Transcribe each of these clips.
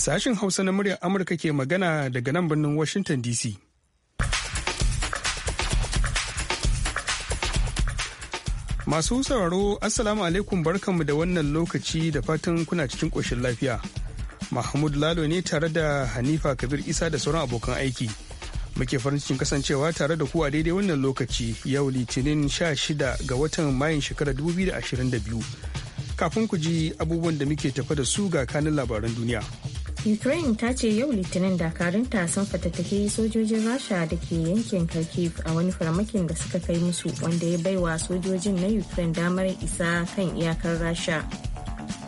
Sashen Hausa na muryar Amurka ke magana daga nan birnin Washington DC. Masu sauraro Assalamu alaikum barkanmu da wannan lokaci da fatan kuna cikin ƙoshin lafiya. Mahmud Lalo ne tare da Hanifa Kabir Isa da sauran abokan aiki. Muke farin cikin kasancewa tare da ku a daidai wannan lokaci yau Litinin Sha shida ga watan Mayun shekarar 2022. Kafin ku ji abubuwan da muke tafa da su ga kanin labaran duniya. Ukraine ta ce yau litinin dakarunta sun fatattake sojojin Rasha da ke yankin Kharkiv a wani farmakin da suka kai musu wanda ya baiwa sojojin na Ukraine damar isa kan iyakar Rasha.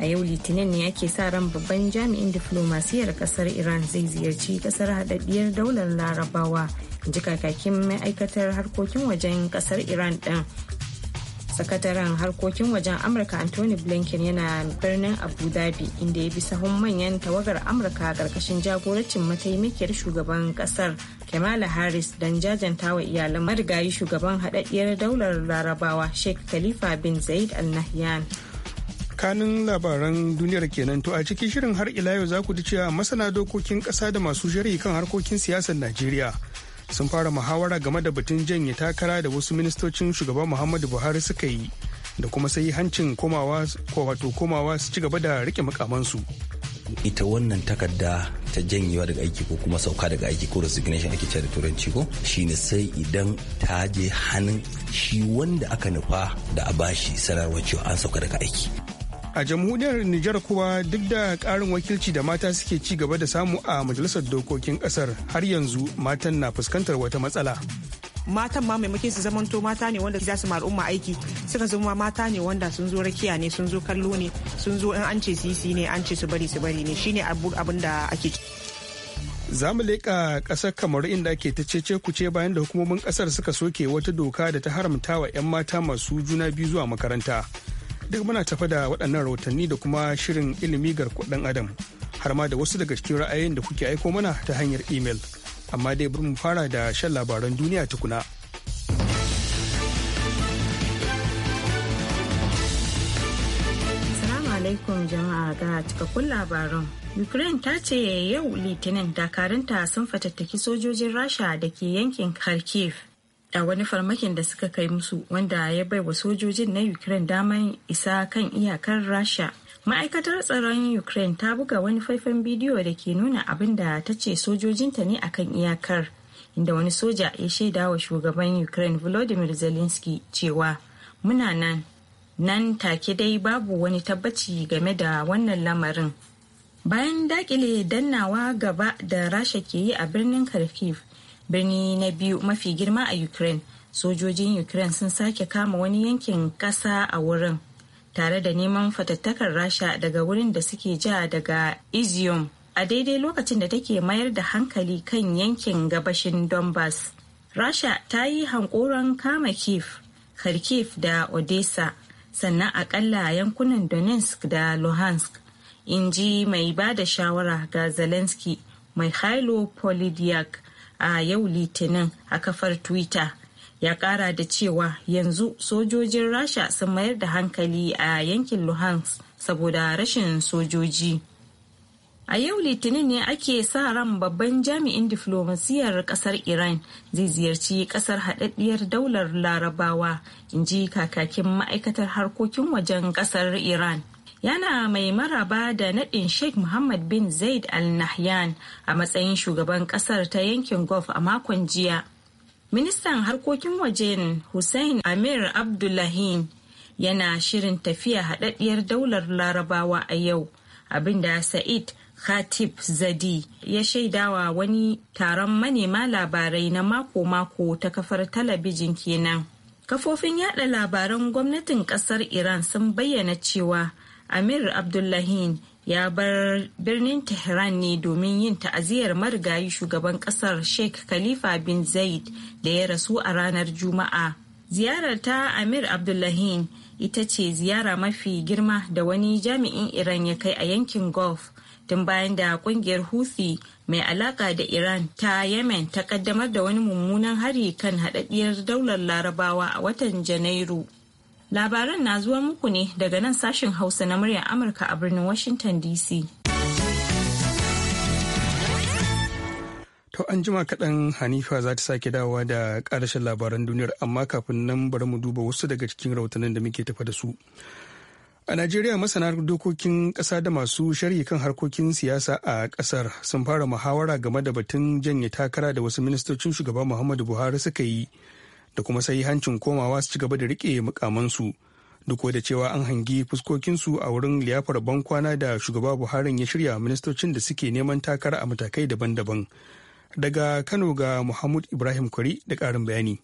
A yau litinin ne ake sa ran babban jami'in diflomasiyyar kasar Iran zai ziyarci kasar haɗaɗɗiyar daular larabawa ji kakakin ma'aikatar harkokin wajen kasar Iran ɗin sakataren harkokin wajen amurka anthony blinken yana birnin abu dhabi inda ya bi sahun manyan tawagar amurka karkashin jagorancin mataimakiyar shugaban kasar kamala harris don jajanta wa iyalan marigayi shugaban haɗaɗɗiyar daular larabawa sheikh khalifa bin zaid al nahyan kanin labaran duniyar kenan to a cikin shirin har ila yau za ku ji cewa masana dokokin kasa da masu shari'i kan harkokin siyasar najeriya sun fara muhawara game da batun janye takara da wasu ministocin shugaban muhammadu buhari suka yi da kuma sai hancin komawa ko wato komawa su ci gaba da rike makamansu. ita wannan takarda ta janyewa daga aiki ko kuma sauka daga aiki ko resignation ake cewa da turanci ko shine sai idan ta je hannun shi wanda aka nufa da a bashi sanarwa cewa an sauka daga aiki a jamhuriyar Nijar kuwa duk da karin wakilci da mata suke ci gaba da samu a majalisar dokokin kasar har yanzu matan na fuskantar wata matsala. matan ma maimakon su zamanto mata ne wanda za su ma al'umma aiki suka zama mata ne wanda sun zo rakiya ne sun zo kallo ne sun zo in an ce sisi ne an ce su bari su bari ne shine abin da ake za mu leƙa ƙasar kamaru inda ake ta cece kuce bayan da hukumomin ƙasar suka soke wata doka da ta haramta wa 'yan mata masu juna biyu zuwa makaranta duk muna tafa da waɗannan rahotanni da kuma shirin ilimi garkuwar ɗan adam har ma da wasu daga cikin ra'ayin da kuke aiko mana ta hanyar imel amma dai bari mu fara da shan labaran duniya tukuna. alaikum jama'a ga cikakkun labaran. Ukraine ta ce yau litinin dakarunta sun fatattaki sojojin Rasha da ke yankin Kharkiv a wani farmakin da suka kai musu wanda ya bai wa sojojin na ukraine damar isa kan iyakar rasha ma'aikatar tsaron ukraine ta buga wani faifan bidiyo da ke nuna abin da ta ce sojojinta ne akan iyakar inda wani soja ya shaida wa shugaban ukraine volodymyr zelensky cewa muna nan nan take dai babu wani tabbaci game da wannan lamarin bayan dakile dannawa gaba da rasha ke yi a birnin kharkiv birni na biyu mafi girma a ukraine sojojin ukraine sun sake kama wani yankin kasa a wurin tare da neman fatattakar rasha daga wurin da suke ja daga izium a daidai lokacin da take mayar da hankali kan yankin gabashin donbass rasha ta yi hankoron kama kif kharkiv da odessa sannan akalla yankunan donetsk da luhansk in ji mai ba da shawara ga zelensky mai polidyak a yau litinin a kafar twitter ya kara da cewa yanzu sojojin rasha sun mayar da hankali a yankin luhansk saboda rashin sojoji a yau litinin ne ake sa ran babban jami'in diflomasiyyar kasar iran zai ziyarci kasar haɗaɗɗiyar daular larabawa in ji kakakin ma'aikatar harkokin wajen kasar iran yana mai maraba da nadin sheikh muhammad bin zaid al nahyan a matsayin shugaban kasar ta yankin gulf a makon jiya ministan harkokin wajen hussein amir abdullahin yana shirin tafiya haɗaɗɗiyar daular larabawa a yau abinda sa'id khatib zadi ya shaidawa wani taron manema labarai na mako-mako ta kafar talabijin kenan kafofin yada labaran gwamnatin kasar iran sun bayyana cewa amir abdullahin ya bar birnin tehran ne domin yin ta'aziyar marigayi shugaban kasar sheikh khalifa bin zaid da ya rasu a ranar juma'a ziyarar ta amir abdullahin ita ce ziyara mafi girma da wani jami'in iran ya kai a yankin gulf tun bayan da kungiyar houthi mai alaka da iran ta yemen ta kaddamar da wani mummunan hari kan haɗaɗɗiyar daular larabawa a watan janairu labaran na zuwa muku ne daga nan sashen hausa na muryar amurka a birnin washington dc To an jima kaɗan Hanifa za ta sake dawowa da ƙarashin labaran duniyar amma kafin nan bari mu duba wasu daga cikin rahotannin da muke tafa da su. A Najeriya masana dokokin ƙasa da masu sharhi kan harkokin siyasa a ƙasar sun fara muhawara game da batun janye takara da wasu ministocin shugaba Muhammadu Buhari suka yi da kuma sai hancin komawa su ci gaba da rike mukamansu duk da cewa an hangi fuskokinsu a wurin liyafar bankwana da shugaba buharin ya shirya ministocin da suke neman takara a matakai daban-daban daga kano ga muhammad ibrahim kwari da karin bayani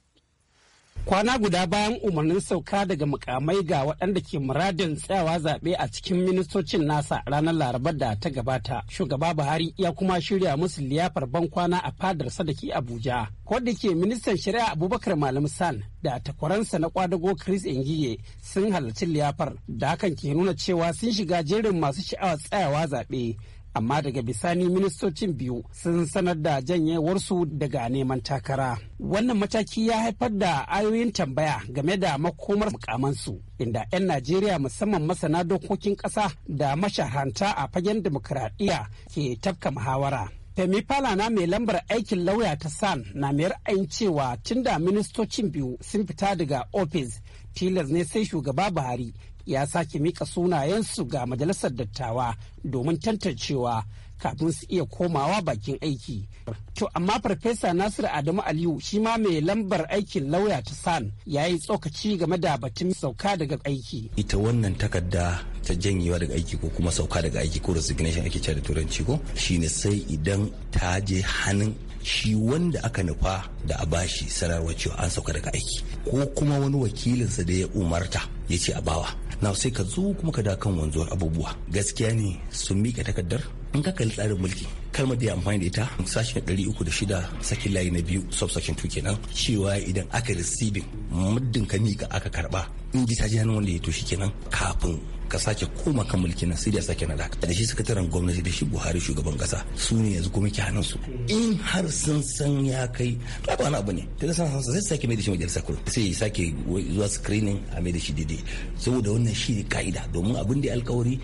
kwana guda bayan umarnin sauka daga mukamai ga waɗanda ke muradin tsayawa zaɓe a cikin ministocin nasa ranar larabar da ta gabata shugaba buhari ya kuma shirya musu liyafar ban kwana a fadar sadaki abuja wadda ke ministan shari'a abubakar malam san da takwaransa na kwadago chris engiye sun halarci liyafar da hakan ke nuna cewa sun shiga jerin masu sha'awar tsayawa zaɓe amma daga bisani ministocin biyu sun sanar da janyewarsu daga neman takara wannan mataki ya haifar da ayoyin tambaya game da makomar mukamansu inda 'yan najeriya musamman masana dokokin ƙasa da masharanta a fagen demokuraɗiyya ke tafka muhawara Femi Falana mai lambar aikin lauya ta San na mayar ra'ayin cewa tunda ministocin biyu sun fita daga ofis tilas ne sai shugaba Buhari ya sake mika sunayensu ga majalisar dattawa domin tantancewa kafin su iya komawa bakin aiki. To amma farfesa nasiru Adamu Aliyu shi ma mai lambar aikin lauya ta San ya yi tsokaci game da batun sauka daga aiki. Ita wannan takarda ta janyewa daga aiki ko kuma sauka daga aiki ko resignation ake cewa da turanci ko shine sai idan ta je hannun shi wanda aka nufa da a bashi sanarwar cewa an sauka daga aiki ko kuma wani wakilinsa da ya umarta ya ce a bawa na sai ka zo kuma ka da kan wanzuwar abubuwa gaskiya ne sun miƙa takardar in ka kalli tsarin mulki kalmar da ya amfani da ita sashen 306 sakin layi na biyu subsection 2 kenan cewa idan aka risibin muddin ka mika aka karba in ji ta hannun wanda ya toshi kenan kafin ka sake koma kan mulki na sirya sake na daka da shi sakataren gwamnati da shi buhari shugaban kasa su ne yanzu kuma ke hannun su in har sun san ya kai to ba wani abu ne ta da san sai sake mai da shi majalisa kurum sai ya sake zuwa screening a mai da shi daidai saboda wannan shi ne ka'ida domin abin da alkawari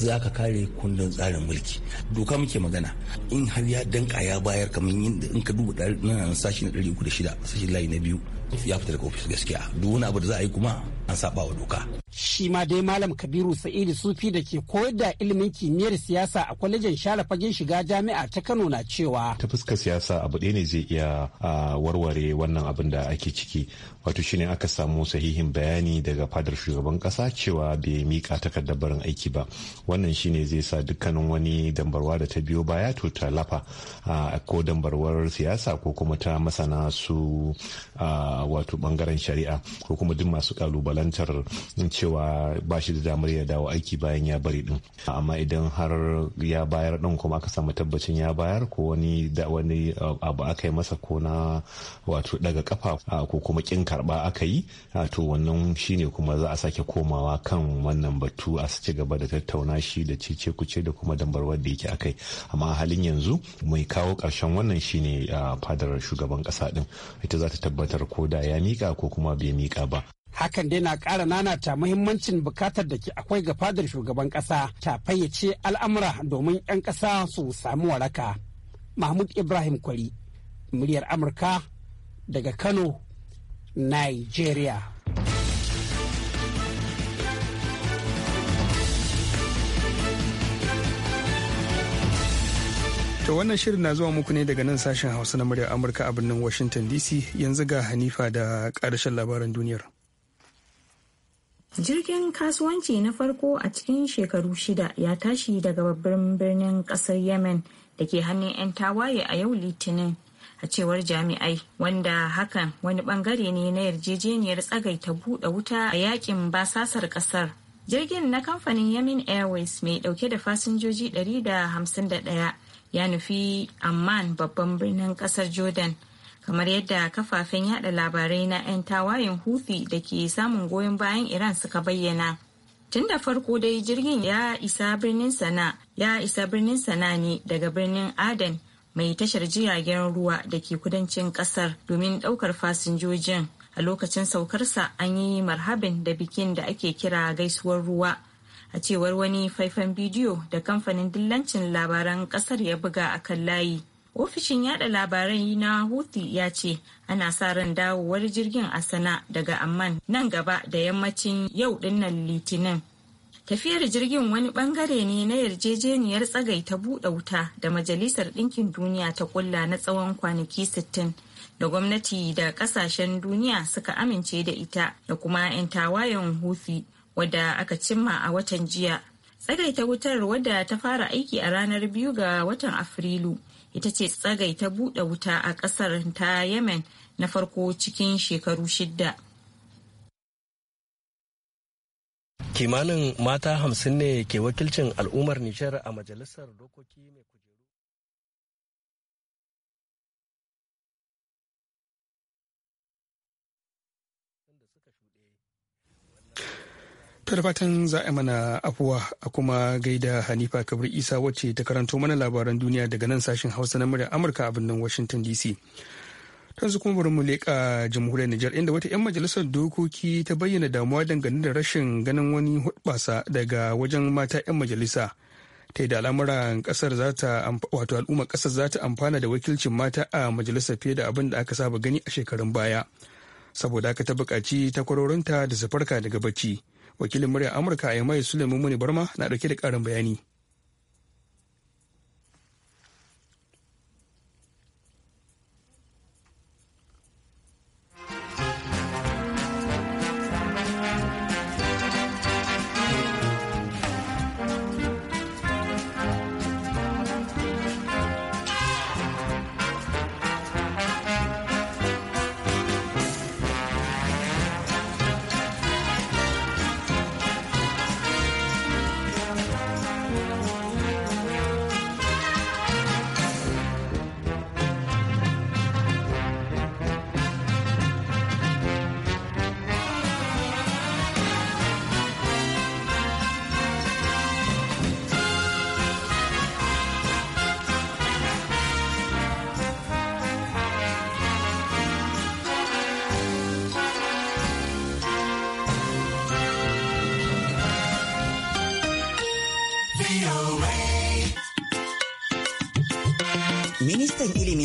za ka kare kundin tsarin mulki doka muke magana in har ya danka ya bayar kamar yadda in ka duba na sashi na dari uku da shida sashi layi na biyu ya fita daga ofis gaskiya duk wani abu da za a yi kuma an saba wa doka shi ma dai malam kabiru sa'idu sufi da ke koyar da ilimin kimiyyar siyasa a kwalejin shara fagen shiga jami'a ta kano na cewa ta fuskar siyasa abu ɗaya ne zai iya warware wannan abin da ake ciki wato shine aka samu sahihin bayani daga fadar shugaban kasa cewa bai mika takardar barin aiki ba wannan shine zai sa dukkanin wani dambarwa da ta biyo baya to ta lafa ko dambarwar siyasa ko kuma ta masana su wato bangaren shari'a ko kuma duk masu kalubalantar cewa ba shi da damar ya dawo aiki bayan ya bari din amma idan har ya bayar din kuma aka samu tabbacin ya bayar ko wani da wani uh, abu aka yi masa ko na wato daga kafa uh, ko kuma kin karba aka yi uh, to wannan shine kuma za a sake komawa kan wannan batu a ci gaba da tattauna shi da cece kuce da kuma dambarwar da yake akai amma halin yanzu mai kawo karshen wannan shine fadar shugaban kasa din ita za ta tabbatar ko da ya mika ko kuma bai mika ba hakan dai na ƙara ta muhimmancin bukatar da ke akwai ga fadar shugaban ƙasa ta fayyace al'amura domin 'yan ƙasa su samu waraka mahmud ibrahim kwari muryar amurka daga kano nigeria To wannan shirin na zuwa muku ne daga nan sashen Hausa na muryar Amurka a birnin Washington DC yanzu ga Hanifa da ƙarshen labaran duniyar. Jirgin kasuwanci na farko a cikin shekaru shida ya tashi daga babban birnin kasar Yemen da ke hannun 'yan tawaye a yau Litinin. A cewar jami'ai wanda hakan wani bangare ne na yarjejeniyar tsagaita buɗe wuta a yakin basasar kasar. Jirgin na kamfanin Yemen Airways mai dauke da fasinjoji 151 ya nufi Amman babban birnin kasar Jordan. kamar yadda kafafen yada labarai na 'yan tawayen hufi da ke samun goyon bayan iran suka bayyana tun da farko dai jirgin ya isa birnin sana ya isa birnin sana ne daga birnin aden mai tashar jiragen ruwa da ke kudancin kasar domin daukar fasinjojin a lokacin saukarsa an yi marhabin da bikin da ake kira gaisuwar ruwa a cewar wani faifan bidiyo da kamfanin dillancin labaran kasar ya buga a kan layi ofishin yada labarai na houthi ya ce ana sa ran dawowar jirgin a sana daga amman nan gaba da yammacin yau dinnan litinin tafiyar jirgin wani bangare ne na yarjejeniyar tsagai ta buɗe wuta da majalisar ɗinkin duniya ta kulla na tsawon kwanaki 60 da gwamnati da ƙasashen duniya suka amince da ita da kuma 'yan tawayen huthi wadda aka cimma a watan jiya tsagaita wutar wadda ta fara aiki a ranar biyu ga watan afrilu ita ce tsagai ta buɗe wuta a ƙasar ta yemen na farko cikin shekaru shidda kimanin mata hamsin ne ke wakilcin al'ummar nijar a majalisar dokoki mai To fatan za a mana afuwa a kuma gaida Hanifa Kabir Isa wacce ta karanto mana labaran duniya daga nan sashen Hausa na murya Amurka a birnin Washington DC. su kuma bari mu leƙa jamhuriyar Nijar inda wata 'yan majalisar dokoki ta bayyana damuwa dangane da rashin ganin wani hudbasa daga wajen mata 'yan majalisa. Ta yi da al'amuran kasar za ta wato al'ummar kasar za ta amfana da wakilcin mata a majalisar fiye da abin da aka saba gani a shekarun baya. Saboda haka ta buƙaci takwarorinta da su daga bacci. wakilin murya amurka a yamai sulaiman muni barma na dauke da karin bayani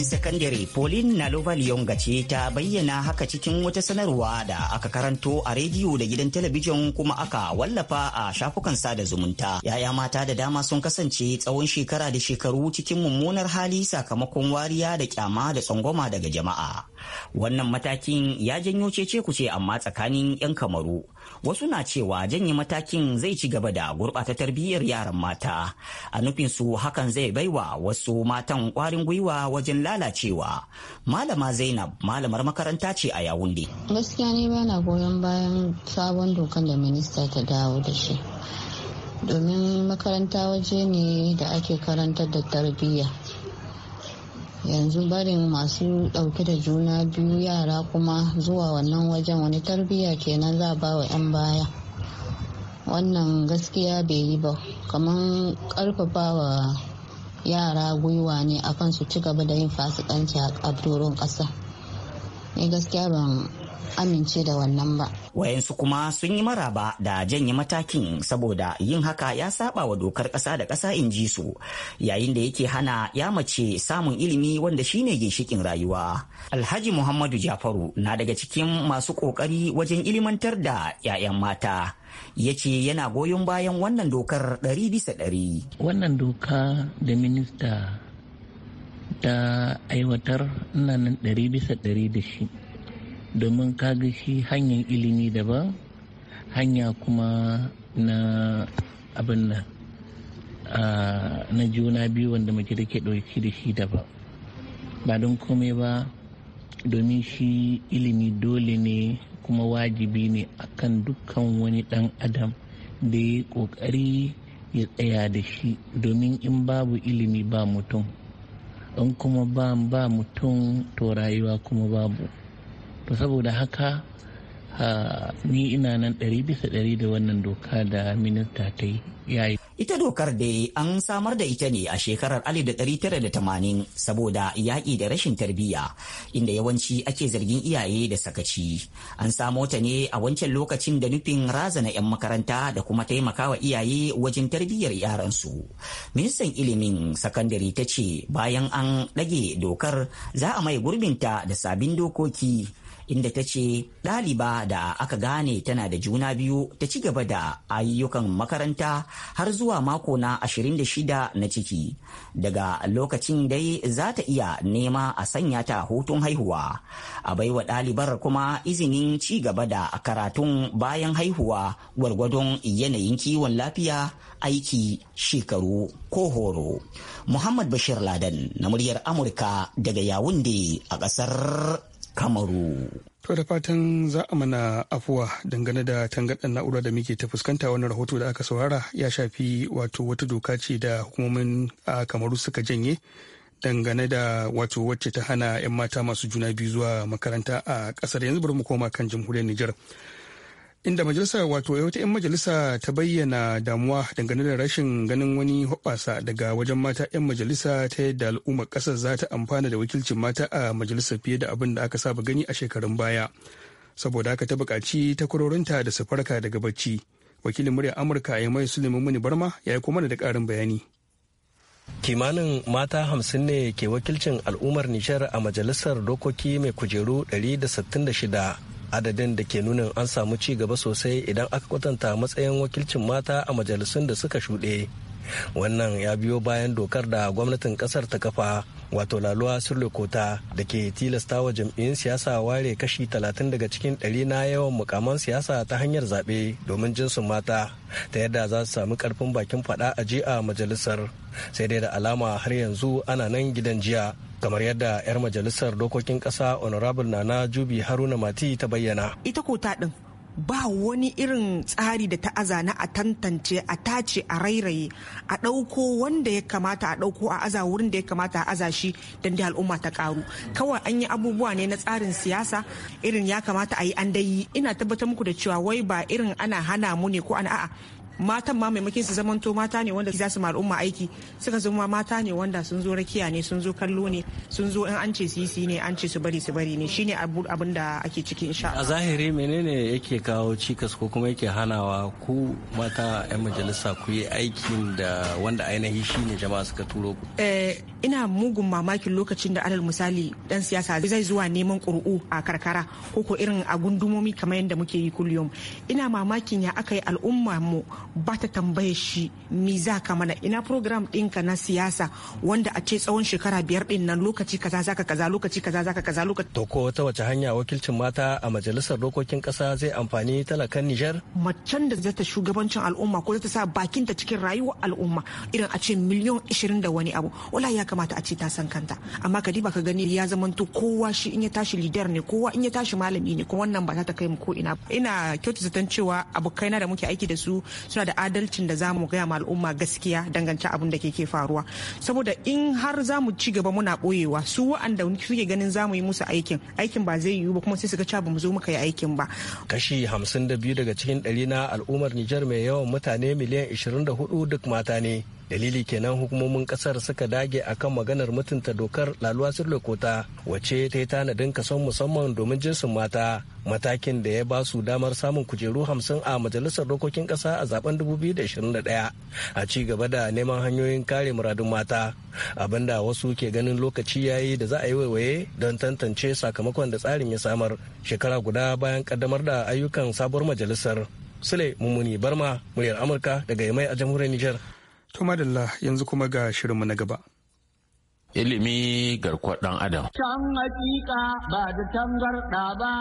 sakandare Pauline Nalova Liyonga ce ta bayyana haka cikin wata sanarwa da aka karanto a rediyo da gidan talabijin kuma aka wallafa a shafukan sada zumunta. Yaya mata da dama sun kasance tsawon shekara da shekaru cikin mummunar hali sakamakon wariya da kyama da tsangwama daga jama'a. Wannan matakin ya janyo cece kuce amma tsakanin 'yan kamaru wasu na cewa janye matakin zai ci gaba da gurɓata tarbiyyar yaran mata a nufin su hakan zai baiwa wasu matan ƙwarin gwiwa wajen lalacewa malama zainab malamar makaranta ce a yawunde gaskiya ne na goyon bayan sabon dokan da minista ta dawo da shi domin makaranta waje ne da ake karantar da tarbiyya yanzu barin masu ɗauke da juna biyu yara kuma zuwa wannan wajen wani tarbiyya kenan za ba wa 'yan baya wannan gaskiya bai yi ba kamar karfafawa wa yara gwiwa ne akan su ci gaba da yin fasikanci a doron ƙasa ni gaskiya ban amince da wannan ba. Wayansu kuma sun yi maraba da janye matakin saboda yin haka ya saba wa dokar ƙasa da ƙasa in ji su yayin da yake hana ya mace samun ilimi wanda shine ginshikin rayuwa. Alhaji Muhammadu Jafaru na daga cikin masu ƙoƙari wajen ilimantar da 'ya'yan mata. ya ce yana goyon bayan wannan dokar ɗari bisa ɗari. Wannan doka da minista ta aiwatar nan ɗari bisa ɗari da shi. domin kaga shi hanyar ilimi daban hanya kuma na abin nan na juna biyu wanda mace take ɗauki da shi daban ba don komai ba domin shi ilimi dole ne kuma wajibi ne akan dukkan wani dan adam da ya kokari ya tsaya da shi domin in babu ilimi ba mutum in kuma ba mutum to rayuwa kuma babu to saboda haka ni ina nan ɗari bisa ɗari da wannan doka da minista ta yi Ita dokar da an samar da ita ne a shekarar 1980 saboda yaƙi da rashin tarbiyya inda yawanci ake zargin iyaye da sakaci. An samo ta ne a wancan lokacin da nufin razana 'yan makaranta da kuma taimakawa iyaye wajen tarbiyyar yaransu. Ministan ilimin sakandare ta ce bayan an ɗage dokar za a mai gurbinta da sabin dokoki. inda ta ce ɗaliba da aka gane tana da juna biyu ta ci gaba da ayyukan makaranta har zuwa mako na 26 na ciki daga lokacin dai za ta iya nema a sanya ta hutun haihuwa a baiwa ɗalibar kuma izinin ci gaba da karatun bayan haihuwa gwargwadon yanayin kiwon lafiya aiki shekaru ko horo muhammad bashir ladan na muryar amurka daga yawunde a ƙasar kamaru to da fatan za a mana afuwa dangane da tangaɗar na'ura da muke ta fuskanta wani rahoto da aka saurara ya shafi wato wata doka ce da hukumomin a kamaru suka janye dangane da wato wacce ta hana 'yan mata masu juna biyu zuwa makaranta a kasar yanzu bari mu koma kan jamhuriyar nijar inda majalisa wato eh, wata 'yan majalisa ta bayyana damuwa dangane da rashin ganin wani hoɓasa daga wajen mata 'yan majalisa ta yadda al'ummar ƙasar za ta amfana da wakilcin mata a majalisa fiye da abin da aka saba gani a shekarun baya saboda haka ta buƙaci takwarorinta da su farka daga bacci wakilin muryar amurka ya mai neman muni barma ya yi kuma da ƙarin bayani kimanin mata hamsin ne ke wakilcin al'ummar nishar a majalisar dokoki mai kujeru 166 adadin da ke nunin an samu ci gaba sosai idan aka kwatanta matsayin wakilcin mata a majalisun da suka shuɗe wannan ya biyo bayan dokar da gwamnatin ƙasar ta kafa wato laluwa surle kota da ke tilasta wa jam'iyyun siyasa ware kashi 30 daga cikin 100 na yawan mukaman siyasa ta hanyar zaɓe domin jinsin mata ta yadda za su sami karfin bakin faɗa a ji a majalisar sai dai da alama har yanzu ana nan gidan jiya kamar yadda 'yar majalisar dokokin ƙasa honorable nana jubi haruna mati ta bayyana ita kota ɗin ba wani irin tsari da ta azana a tantance a tace a rairaye a ɗauko wanda ya kamata a ɗauko a aza wurin da ya kamata a aza shi don da al'umma ta karu kawai an yi abubuwa ne na tsarin siyasa irin ya kamata a yi an dai ina tabbatar muku da cewa wai ba irin ana hana mu ne ko ana a'a matan ma maimakon su zamanto mata ne wanda za su ma al'umma aiki suka zama mata ne wanda sun zo rakiya ne sun zo kallo ne sun zo in an ce su yi ne an ce su bari su bari ne shine abin da ake ciki insha a zahiri menene yake kawo cikas ko kuma yake hanawa ku mata yan majalisa ku yi aikin da wanda ainihi shine jama'a suka turo ku eh, ina mugun mamakin lokacin da alal misali dan siyasa zai zuwa neman ƙuri'u a karkara ko ko irin a gundumomi kamar yadda muke yi kullum ina mamakin ya aka yi al'umma mu ba ta tambaye shi mi za ka mana ina program ɗinka na siyasa wanda a ce tsawon shekara biyar ɗin nan lokaci kaza zaka kaza lokaci kaza zaka kaza lokaci. To ko wata wace hanya wakilcin mata a majalisar dokokin kasa zai amfani talakan Nijar? Macen da zata shugabancin al'umma ko zata sa bakinta cikin rayuwar al'umma irin a ce miliyon ishirin da wani abu wala ya kamata a ce ta san kanta amma ka ka gani ya zamanto kowa shi in ya tashi lidar ne kowa in ya tashi malami ne ko wannan ba za ta kai mu ko ina ina kyautata cewa abokaina da muke aiki da su suna da adalcin da za mu gaya ma al'umma gaskiya dangance abin da ke faruwa saboda in har za mu ci gaba muna boyewa su wa'anda suke ganin za mu yi musu aikin aikin ba zai yiwu ba kuma sai su ga cewa ba mu zo muka yi aikin ba kashi hamsin da biyu daga cikin ɗari na al'ummar Nijar mai yawan mutane miliyan ishirin da hudu duk mata ne dalili kenan hukumomin kasar suka dage akan maganar mutunta dokar laluwa sirlokota wace ta yi tanadin kason musamman domin jinsin mata matakin da ya ba su damar samun kujeru hamsin a majalisar dokokin kasa a zaben 2021 a ci gaba da neman hanyoyin kare muradun mata abinda wasu ke ganin lokaci ya yi da za a yi waiwaye don tantance sakamakon da tsarin ya samar shekara guda bayan kaddamar da ayyukan sabuwar majalisar sule mummuni barma muryar amurka daga yamai a jamhuriyar nijar. To madalla yanzu kuma ga shirinmu na gaba. Ilimi garkuwar ɗan Adam. Can hakika ba da tangarɗa ba,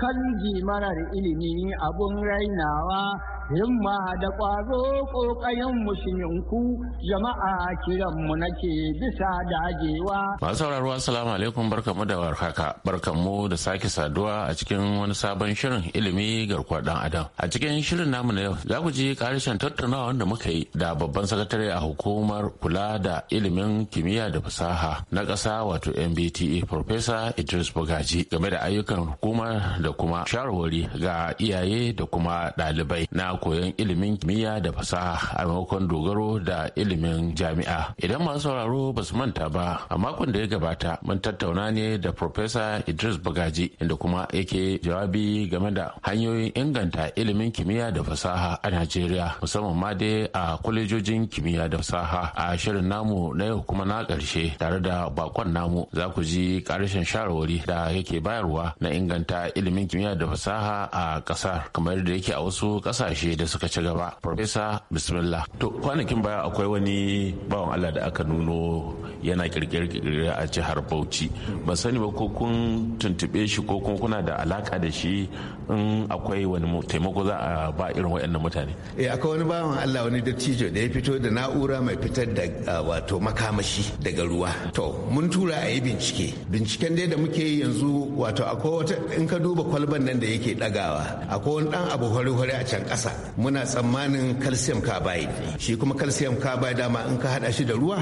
kan marar ilimi abun rainawa himma da ƙwazo ƙoƙayen musulminku jama'a kiranmu nake bisa dagewa. Masu sauraro assalamu alaikum barkamu da warhaka barkamu da sake saduwa a cikin wani sabon shirin ilimi garkuwar ɗan adam. A cikin shirin namu na yau za ku ji ƙarshen tattaunawa wanda muka yi da babban sakatare a hukumar kula da ilimin kimiyya da fasaha na ƙasa wato MBTA e, Professor Idris Bugaji game da ayyukan hukumar da kuma shawarwari ga iyaye da kuma ɗalibai na koyon ilimin kimiyya da fasaha a maimakon dogaro da ilimin jami'a idan masu sauraro ba su manta ba a makon da ya gabata mun tattauna ne da Profesa idris bagaji inda kuma yake jawabi game da hanyoyin inganta ilimin kimiyya da fasaha a najeriya musamman ma dai a kwalejojin kimiyya da fasaha a shirin namu na yau kuma na ƙarshe tare da bakon namu za ku ji ƙarshen shawarwari da yake bayarwa na inganta ilimin kimiyya da fasaha a ƙasar kamar da yake a wasu ƙasashe da suka ci gaba profesa bismillah to kwanakin baya akwai wani bawan allah da aka nuno yana kirkire a jihar bauchi ba sani ba ko kun tuntube shi ko kuma kuna da alaka da shi in akwai wani taimako za a ba irin waɗannan mutane eh akwai wani bawan allah wani dattijo da ya fito da na'ura mai fitar da ah, wato makamashi daga ruwa to mun tura a yi bincike binciken dai da muke yi yanzu wato akwai wata in ka duba kwalban nan da yake dagawa akwai wani dan abu hore-hore a can ƙasa muna tsammanin calcium carbide shi kuma calcium carbide dama in ka hada shi da ruwa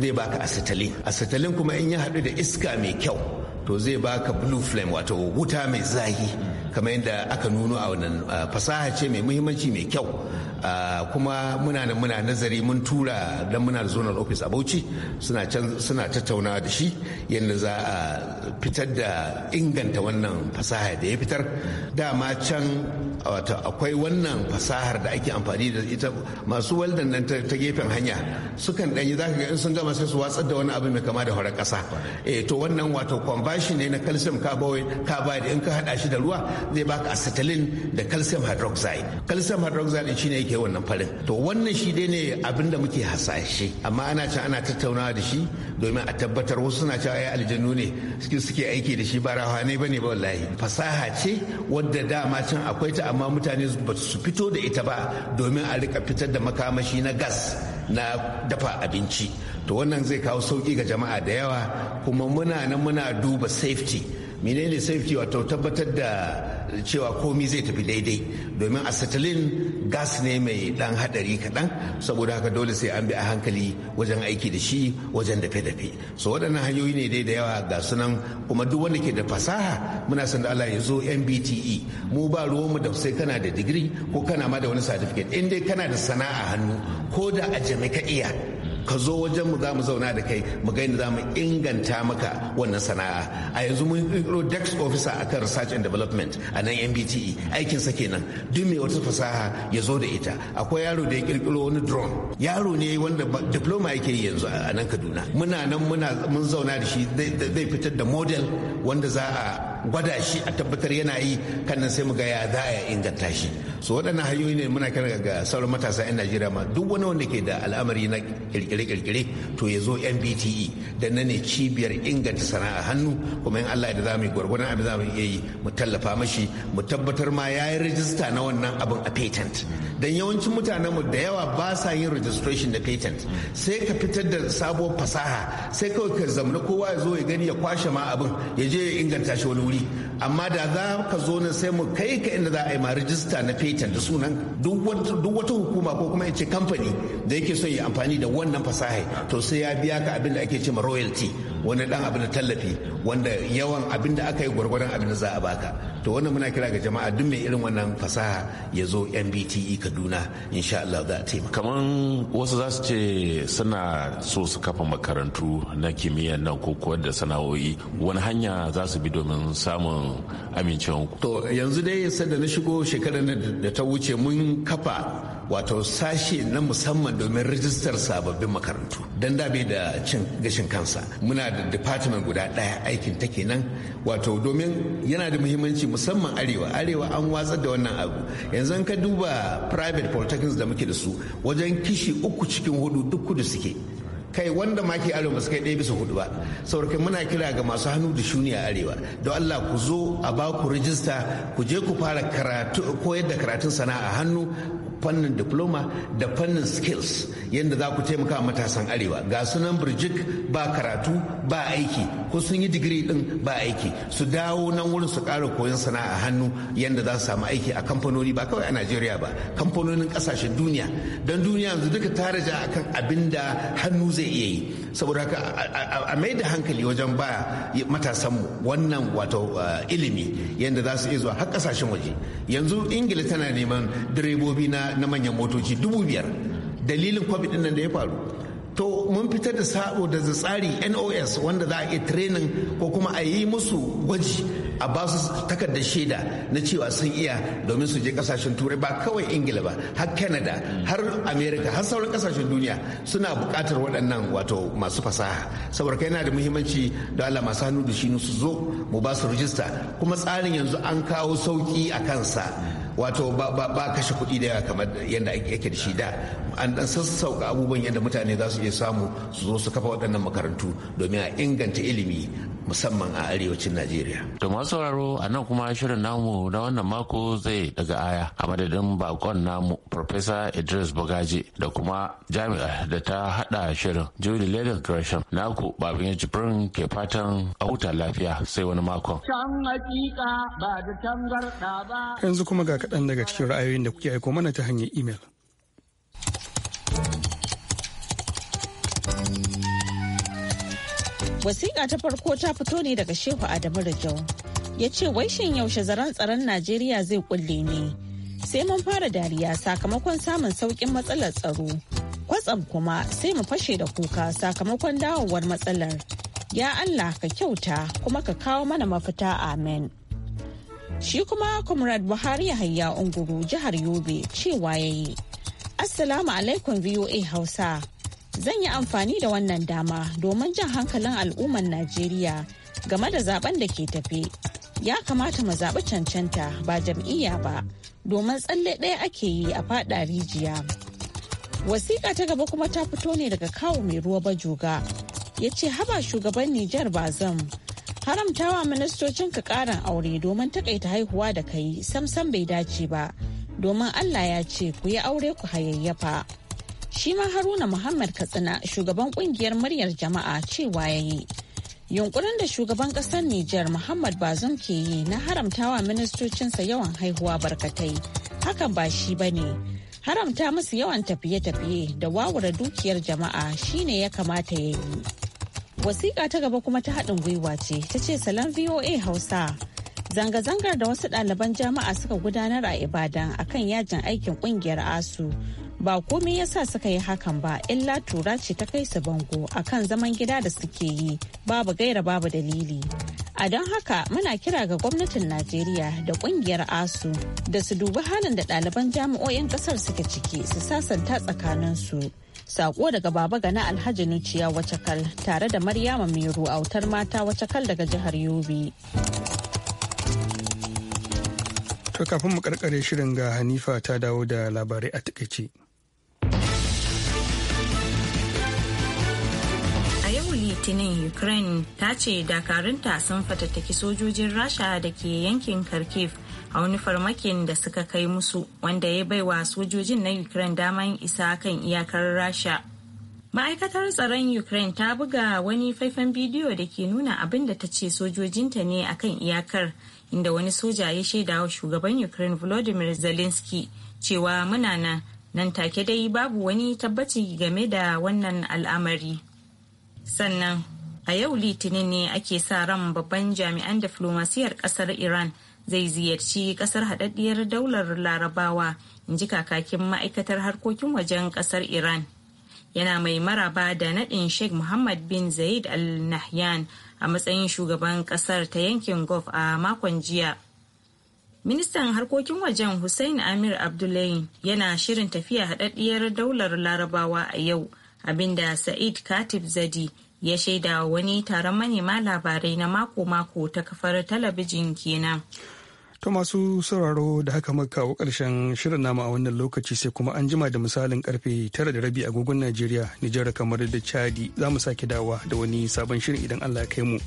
zai baka acetylene acetylene kuma in ya hadu da iska mai kyau to zai baka blue flame wato wuta mai zahi kamar yadda aka nuno a wannan ah, fasaha ce mai muhimmanci mai kyau Ah, kuma muna da muna nazari mun tura dan muna da zonal office a Bauchi suna suna tattaunawa da shi yadda za a fitar da inganta wannan fasaha da ya fitar dama can wato akwai wannan fasahar da ake amfani da ita masu waldan nan ta gefen hanya sukan danyi zaka ga in sun gama sai su watsar da wani abu mai kama da hore kasa eh to wannan wato conversion ne na calcium carbonate carbide in ka hada shi da ruwa zai baka acetylene da calcium hydroxide calcium hydroxide shine yake kai wannan farin to wannan shi dai ne abin da muke hasashe amma ana can ana tattaunawa da shi domin a tabbatar wasu suna cewa ai aljannu ne suke aiki da shi ba rahane bane ba wallahi fasaha ce wadda dama can akwai ta amma mutane ba su fito da ita ba domin a rika fitar da makamashi na gas na dafa abinci to wannan zai kawo sauki ga jama'a da yawa kuma muna nan muna duba safety menene safety wato tabbatar da cewa komi zai tafi daidai domin acetylene gas ne mai dan hadari kaɗan saboda haka dole sai an bi a hankali wajen aiki da shi wajen dafe-dafe so waɗannan hanyoyi ne dai da yawa ga sunan kuma duk wanda ke da fasaha muna son da Allah ya zo MBTE mu ba ruwan mu da sai kana da degree ko kana ma da wani certificate in dai kana da sana'a hannu ko da a jami'a ka iya ka zo wajen mu za mu zauna da kai mu ga yadda za mu inganta maka wannan sana'a a yanzu mun kirkiro dex officer akan research and development a nan MBTE aikin sa kenan duk mai wata fasaha ya zo da ita akwai yaro da ya kirkiro wani drone yaro ne wanda diploma yake yi yanzu a nan Kaduna muna nan muna mun zauna da shi zai fitar da model wanda za a gwada shi a tabbatar yana yi kan nan sai mu ga ya za a inganta shi so waɗannan hanyoyi ne muna kira ga sauran matasa 'yan najeriya ma duk wani wanda ke da al'amari na kirkire-kirkire to ya zo mbte da na ne cibiyar inganta sana'a hannu kuma in allah da za mu yi gwargwadon abin za mu iya yi mu tallafa mashi mu tabbatar ma ya yi rajista na wannan abin a patent dan yawancin mutanen mu da yawa ba sa yin registration da patent sai ka fitar da sabuwar fasaha sai kawai ka zamna kowa ya zo ya gani ya kwashe ma abin ya je ya inganta shi wani wuri amma da za ka zo na sai mu kai ka inda za a yi ma rijista na fetan da sunan duk wata hukuma ko kuma ce kamfani da yake son ya amfani da wannan fasaha to sai ya biya ka abin da ake ce ma royalty wani dan abin da tallafi wanda yawan abin da aka yi gwargwaron abin da za a baka to wannan muna kira ga jama'a duk mai irin wannan fasaha ya zo MBTE Kaduna insha Allah za a taimaka kaman wasu za su ce suna so su kafa makarantu na kimiyya nan ko kuwa da sana'o'i wani hanya za su bi domin samun dai ku. To yanzu dai da na shigo shekarar da ta wuce mun kafa wato sashe na musamman domin rijistar sababbin makarantu don dabe da cin gashin kansa muna da department guda daya aikin ta kenan wato domin yana da muhimmanci musamman arewa arewa an watsar da wannan abu yanzu ka duba private polytechnics da muke da su wajen kishi uku cikin hudu duk kudu suke kai wanda ma ke arewa su kai ɗaya bisa hudu ba saboda muna kira ga masu hannu da shuni a arewa don allah ku zo a ba ku rijista ku je ku fara karatu koyar da karatun sana'a hannu fannin diploma da fannin skills yadda za ku taimaka matasan arewa ga sunan birjik ba karatu ba aiki ko sun yi digiri din ba aiki su dawo nan wurin su ƙara koyon sana'a hannu yadda za su samu aiki a kamfanoni ba kawai a najeriya ba kamfanonin ƙasashen duniya don duniya yanzu duka ta raja akan abin da hannu zai iya yi saboda haka a mai da hankali wajen ba matasanmu wannan wato uh, ilimi yadda za su iya zuwa har kasashen waje yanzu ingila tana neman direbobi na manyan motoci dubu biyar dalilin covid din nan da ya faru to mun fitar da sabo da tsari nos wanda za a iya training ko kuma a yi musu gwaji a ba su takardar shaida na cewa sun iya domin su je kasashen turai ba kawai ingila ba har canada har america har sauran kasashen duniya suna bukatar waɗannan wato masu fasaha saboda kai yana da muhimmanci da Allah masu hannu da shi su zo mu ba su rijista kuma tsarin yanzu an kawo sauki a kansa wato ba kashe kuɗi da yawa kamar yadda yake da shi da an dan sassauka abubuwan yadda mutane za su iya samu su zo su kafa waɗannan makarantu domin a inganta ilimi musamman a arewacin Najeriya. To masu sauraro a nan kuma shirin namu na wannan mako zai daga aya a madadin bakon namu Professor Idris Bagaji da kuma jami'a da ta hada shirin Julie leden Gresham naku babin birnin ke fatan a huta lafiya sai wani makon. Can ba da ba. Yanzu kuma ga kaɗan daga cikin ra'ayoyin da kuke aiko mana ta hanyar imel. Wasiƙa ta farko ta fito ne daga Shehu Adamu Rajau. Ya ce waishin yaushe zaren tsaron Najeriya zai kulle ne. Sai mun fara dariya sakamakon samun sauƙin matsalar tsaro. Kwatsam kuma sai mu fashe da kuka sakamakon dawowar matsalar. Ya Allah ka kyauta kuma ka kawo mana mafita amen. Shi kuma Comrade Buhari Yahaya Unguru jihar Yobe cewa ya yi. Assalamu alaikum VOA Hausa. Zan yi amfani da wannan dama domin jan hankalin al'ummar Najeriya game da zaben da ke tafe. Ya kamata mu zaɓi cancanta ba jam'iyya ba domin tsalle ɗaya ake yi a faɗa rijiya. Wasiƙa ta gaba kuma ta fito ne daga kawo mai ruwa ba. Ya ce haba shugaban Nijar zan. haramtawa ministocin ka karin aure domin takaita haihuwa da kai samsam bai dace ba domin allah ya ce ku yi aure ku hayayyafa shi ma haruna muhammad katsina shugaban kungiyar muryar jama'a cewa ya yi yunkurin da shugaban kasar niger muhammad bazum ke yi na haramtawa ministocinsa yawan haihuwa barkatai hakan ba shi ba ne haramta musu yawan tafiye-tafiye da wawura dukiyar jama'a shine ya kamata ya yi Wasiƙa ta gaba kuma ta haɗin gwiwa ce, ta ce salon VOA Hausa. Zanga-zangar da wasu ɗaliban jama'a suka gudanar a Ibadan akan yajin aikin ƙungiyar ASU. Ba komai ya sa suka yi hakan ba, illa tura ce ta kai su bango akan zaman gida da suke yi, babu gaira babu dalili. A don haka muna kira ga gwamnatin Najeriya da kungiyar ASU da su dubi halin da ɗaliban jami'o'in ƙasar suke ciki su sasanta tsakaninsu Sako daga Baba Gana Alhaji Nuciya Wacakal tare da Maryama Meru autar mata Wacakal daga jihar Yobe. To kafin mu karkare shirin ga Hanifa ta dawo da labarai a takaice. litinin ukraine ta ce dakarunta sun fatattaki sojojin rasha da ke yankin kharkiv a wani farmakin da suka kai musu wanda ya bai wa sojojin na ukraine daman isa kan iyakar rasha ma'aikatar tsaron ukraine ta buga wani faifan bidiyo da ke nuna abin da ta ce sojojinta ne akan iyakar inda wani soja ya shaida wa shugaban ukraine volodymyr zelensky cewa muna nan nan take dai babu wani tabbaci game da wannan al'amari sannan a yau litinin ne ake sa ran babban jami'an diflomasiyar kasar iran zai ziyarci kasar haɗaɗɗiyar daular larabawa in ji kakakin ma'aikatar harkokin wajen kasar iran yana mai maraba da naɗin sheikh muhammad bin zaid al nahyan a matsayin shugaban kasar ta yankin gulf a makon jiya ministan harkokin wajen hussein amir abdullahi yana shirin tafiya haɗaɗɗiyar daular larabawa a yau abinda sa'id katib zadi ya shaida wani taron manema labarai na mako-mako ta kafar talabijin kenan To masu sauraro da haka maka kawo ƙarshen shirin nama a wannan lokaci sai kuma an jima da misalin karfe tara da rabi agogon Najeriya, Nijar kamar da Chadi za mu sake dawa da wani sabon shirin idan Allah ya kai mu.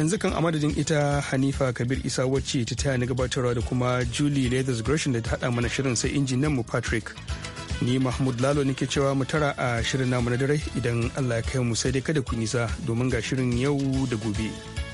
Yanzu kan a madadin ita Hanifa Kabir Isa wacce ta taya na gabatarwa da kuma Julie Leathers Gershon da ta haɗa mana shirin sai nan mu Patrick. Ni Mahmud Lalo nake cewa mu tara a shirin namu na dare idan Allah ya kai mu sai dai kada ku nisa domin ga shirin yau da gobe.